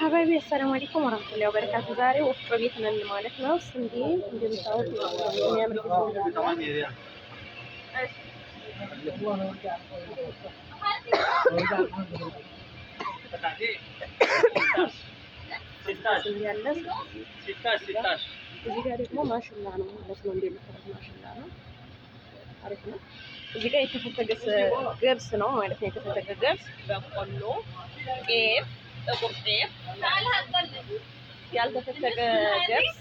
ሀባቢ አሰላሙ አለይኩም ወራህመቱላሂ ወበረካቱ። ዛሬ ወፍጮ ቤት ነን ማለት ነው። ስንዴ እንደምታወት የሚያምር እዚህ ጋር ደግሞ ማሽላ ነው ማለት ነው። እንደምታወት ማሽላ ነው። አሪፍ ነው። እዚህ ጋር የተፈተገ ገብስ ነው ማለት ነው። የተፈተገ ገብስ፣ በቆሎ፣ ጤፍ ጥቁር ጤፍ፣ ያልተፈተገ ገብስ፣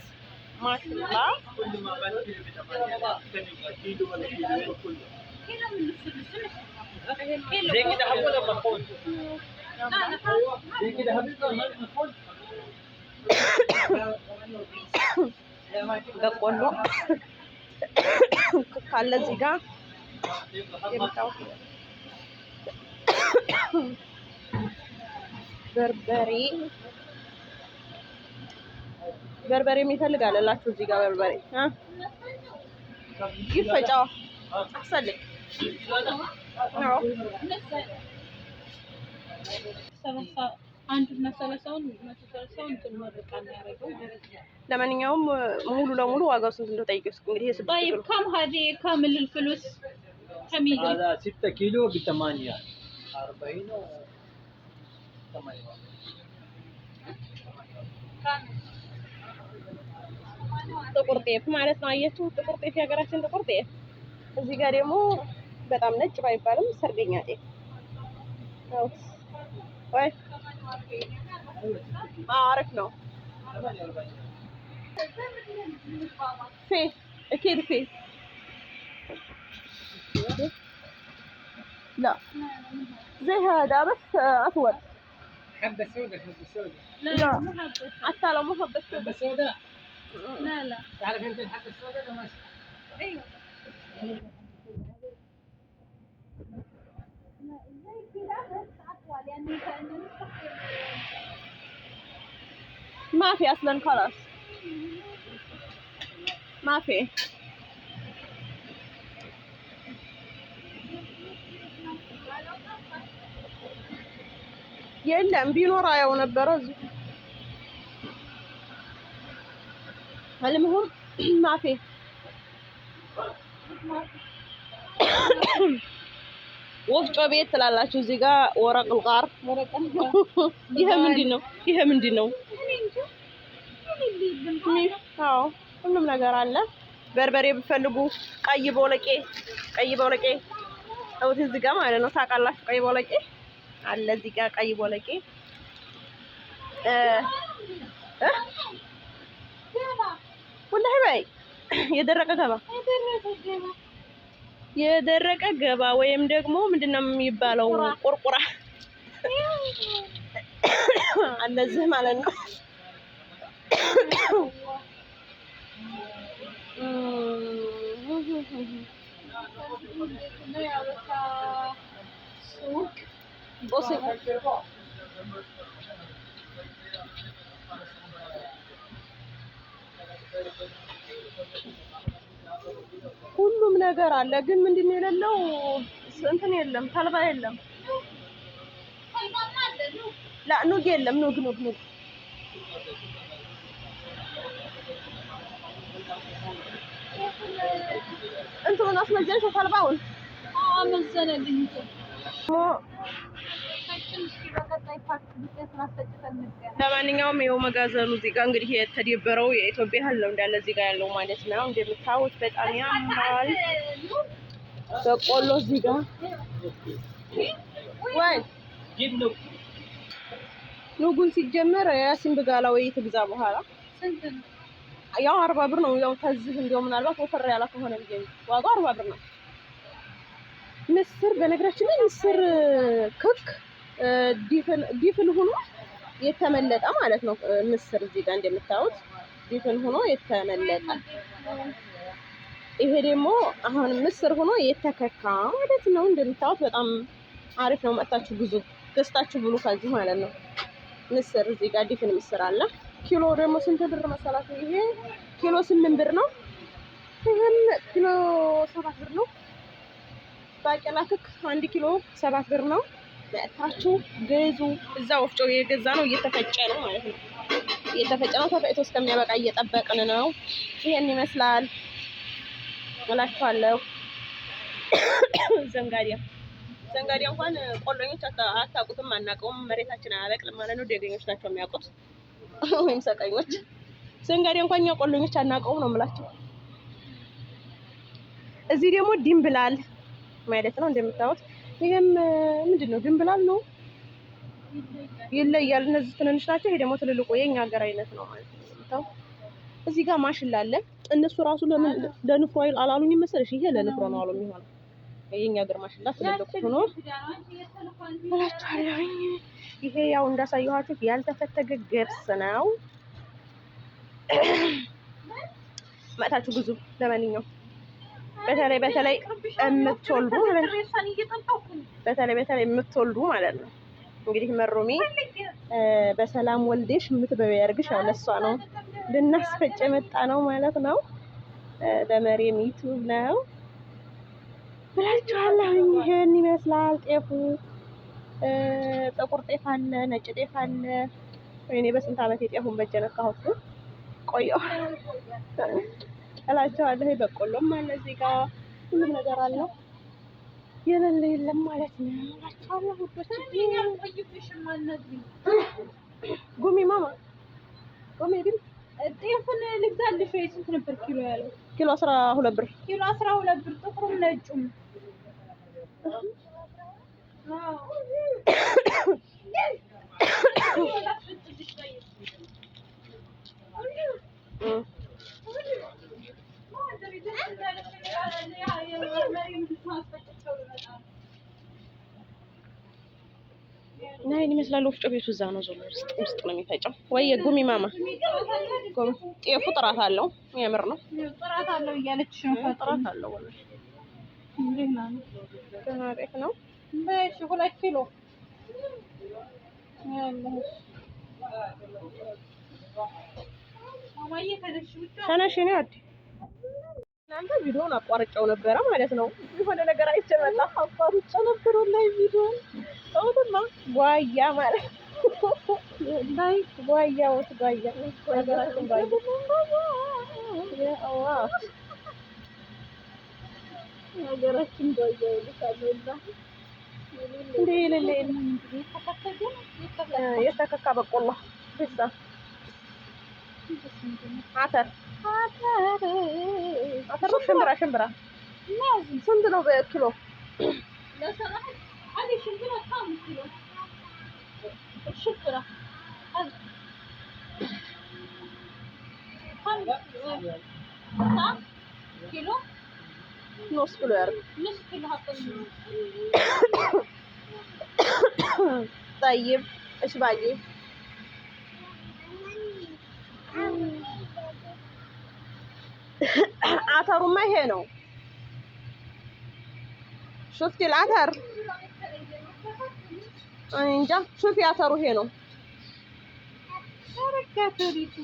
ማሽላ፣ በቆሎ ካለ እዚህ ጋር በርበሬ በርበሬ የሚፈልጋል እላችሁ እዚህ ጋር በርበሬ ይፈጫው አክሰልክ ለማንኛውም ሙሉ ለሙሉ ዋጋው ስንት እንደው ጠይቂው እስኪ። እንግዲህ የስድስት ኪሎ ጥቁር ጤፍ ማለት ነው። አየችሁ፣ ጥቁር ጤፍ የሀገራችን ጥቁር ጤፍ። እዚህ ጋር ደግሞ በጣም ነጭ ባይባልም ሰርገኛ ጤፍ አሪፍ ነው። ኬድ ፌስ لا زي هذا بس أسود حبه سوداء حبه سوداء لا, لا. مو حبه حتى لو مو حبه سوداء حبه سوداء لا لا تعرف انت الحبه السوداء ايوه بس كانه ما في اصلا خلاص ما في የለም ቢኖር አያው ነበረ። እዚሁ አልምሁም ማፌ ወፍጮ ቤት ትላላችሁ። እዚህ ጋር ወረቅ ልቃር። ይሄ ምንድን ነው? ይሄ ምንድን ነው? አዎ ሁሉም ነገር አለ። በርበሬ ብፈልጉ ቀይ ቦለቄ፣ ቀይ ቦለቄ እውት እዚህ ጋር ማለት ነው። ታውቃላችሁ ቀይ ቦለቄ አለ እዚህ ጋር ቀይ ቦለቄ ወላሂ በይ የደረቀ ገባ የደረቀ ገባ ወይም ደግሞ ምንድነው የሚባለው ቁርቁራ አለዚህ ማለት ነው። بصي ሁሉም ነገር አለ፣ ግን ምንድን ነው የሌለው? እንትን የለም፣ ተልባ የለም፣ ላ ኑግ የለም። ኑግ ኑግ ኑግ እንትኑን አስመዘንሽ ተልባውን አመዘነልኝ ለማንኛውም ይኸው መጋዘኑ እዚህ ጋር እንግዲህ የተደበረው የኢትዮጵያ እህል ነው እንዳለ እዚህ ጋር ያለው ማለት ነው። እንደምታዩት በጣም ያምራል። በቆሎ እዚህ ጋር ወይ ንጉን ሲጀመር ያሲን ብጋላ ወይ ትግዛ በኋላ ያው አርባ ብር ነው። ያው ተዝህ እንደው ምናልባት ወፈር ያለ ከሆነ ብዬ ዋጋው አርባ ብር ነው። ምስር በነገራችን ላይ ምስር ክክ ዲፍን ሆኖ የተመለጠ ማለት ነው። ምስር እዚህ ጋር እንደምታዩት ዲፍን ሆኖ የተመለጠ፣ ይሄ ደግሞ አሁን ምስር ሆኖ የተከካ ማለት ነው። እንደምታዩት በጣም አሪፍ ነው። መጣችሁ ብዙ ገዝታችሁ ብሉ ከዚህ ማለት ነው። ምስር እዚህ ጋር ዲፍን ምስር አለ። ኪሎ ደግሞ ስንት ብር መሰላት? ይሄ ኪሎ ስምንት ብር ነው። ይሄን ኪሎ ሰባት ብር ነው። ባቄላ ክክ አንድ ኪሎ ሰባት ብር ነው። መጥታችሁ ግዙ። እዛ ወፍጮ የገዛ ነው እየተፈጨ ነው ማለት ነው። እየተፈጨ ነው ተፈጭቶ እስከሚያበቃ እየጠበቅን ነው። ይሄን ይመስላል እላችኋለሁ። ዘንጋዲያ ዘንጋዲያ እንኳን ቆሎኞች አታውቁትም፣ አናውቀውም። መሬታችን አያበቅልም ማለት ነው። ደገኞች ናቸው የሚያውቁት ወይም ሰቀኞች። ዘንጋዲያ እንኳን እኛ ቆሎኞች አናውቀውም ነው የምላቸው። እዚህ ደግሞ ብላል ማለት ነው እንደምታዩት ይሄም ምንድን ነው ድንብላል ነው ይለያል። እነዚህ ትንንሽ ናቸው። ይሄ ደግሞ ትልልቁ የኛ ሀገር አይነት ነው ማለት ነው። እዚህ ጋር ማሽላ አለ። እነሱ ራሱ ለምን ለንፍሮ አይል አላሉኝ መሰለሽ? ይሄ ለንፍሮ ነው አሉ የሚሆነው። የኛ ሀገር ማሽላ ትልልቁ ሆኖ እላችኋለሁ። ይሄ ያው እንዳሳየኋችሁ ያልተፈተገ ገብስ ነው። መታችሁ ግዙ። ለማንኛውም በተለይ በተለይ የምትወልዱ በተለይ በተለይ የምትወልዱ ማለት ነው እንግዲህ መሮሜ በሰላም ወልዴሽ የምትበቢ ያርግሽ። ያው ለእሷ ነው ልናስፈጭ የመጣ ነው ማለት ነው። ለመሬም ዩቱብ ነው ብላችኋለሁ። ይሄን ይመስላል ጤፉ። ጥቁር ጤፍ አለ፣ ነጭ ጤፍ አለ። እኔ በስንት ዓመት የጤፉን በጀ ነካሁት ቆየሁ። እላቸዋለሁ። በቆሎም አለ እዚህ ጋር ሁሉም ነገር አለው። የሌለ የለም ማለት ነው ጉሚ ማማ ጉሚ ግን ጤፉን ልግዛልሽ ወይ ስንት ነበር ኪሎ ያለው? ኪሎ አስራ ሁለት ብር ኪሎ አስራ ሁለት ብር ጥቁሩም ነጩም ይመስላል። ወፍጮ ቤቱ እዛ ነው፣ ዞሮ ውስጥ ውስጥ ነው የሚፈጨው። ወይ የጉሚ ማማ ጤፉ ጥራት አለው፣ የምር ነው ጥራት አለው እያለች ነው። ጥራት አለው ነው ሁለት ኪሎ ተነሽ ነው አዲ እናንተ ቪዲዮውን አቋርጨው ነበረ ማለት ነው። የሆነ ነገር አይቼ መጣ አቋርጬው ነበር ላይ ቪዲዮውን ሰውትማ ጓያ ማለት ላይ ጓያ ወት ጓያ ነገራችን ጓያ ነገራችን የተከካ በቆሎ ደሳ አተር አተር ሽምብራ ሽምብራ ስንት ነው በኪሎ? الصراحة نعم. كيلو نص كيلو نص كيلو طيب ايش باقي؟ عطر ما هنا شفتي العطر؟ انجا شوفي عطره هنا አረጋተሪቱ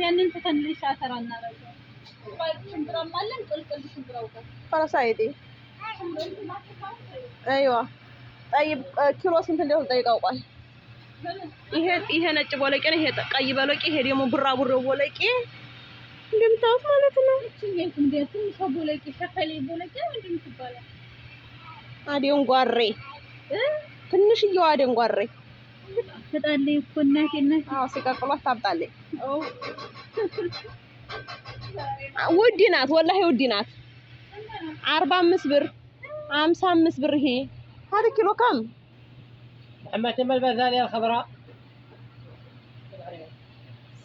ያንን ትተንልሽ አተራ እናረጋለን። አይዋ ጠይብ ኪሎ ስንት እንደሆነ ጠይቅ አውቋል። ይሄ ይሄ ነጭ ቦለቄ ነው። ይሄ ቀይ በለቄ ይሄ ደግሞ ቡራቡሮ ቦለቄ እንደምታውቁ ማለት ነው። አደንጓሬ ትንሽዬዋ አደንጓሬ ትመጣለች እኮ እናቴ እናቴ። አዎ ሲቀቅሏት ታብጣለች። ውድ ናት፣ ወላሂ ውድ ናት። አርባ አምስት ብር አምሳ አምስት ብር ይሄ هذا كيلو كم؟ أما تم البازالية الخضراء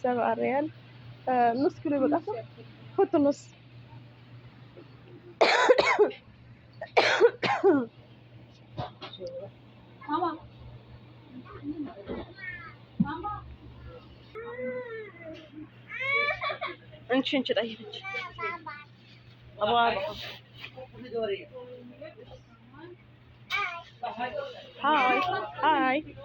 سبعة ريال نص كيلو بالأخر حط النص Unchunch na yun. Abo, abo. Hi. Hi.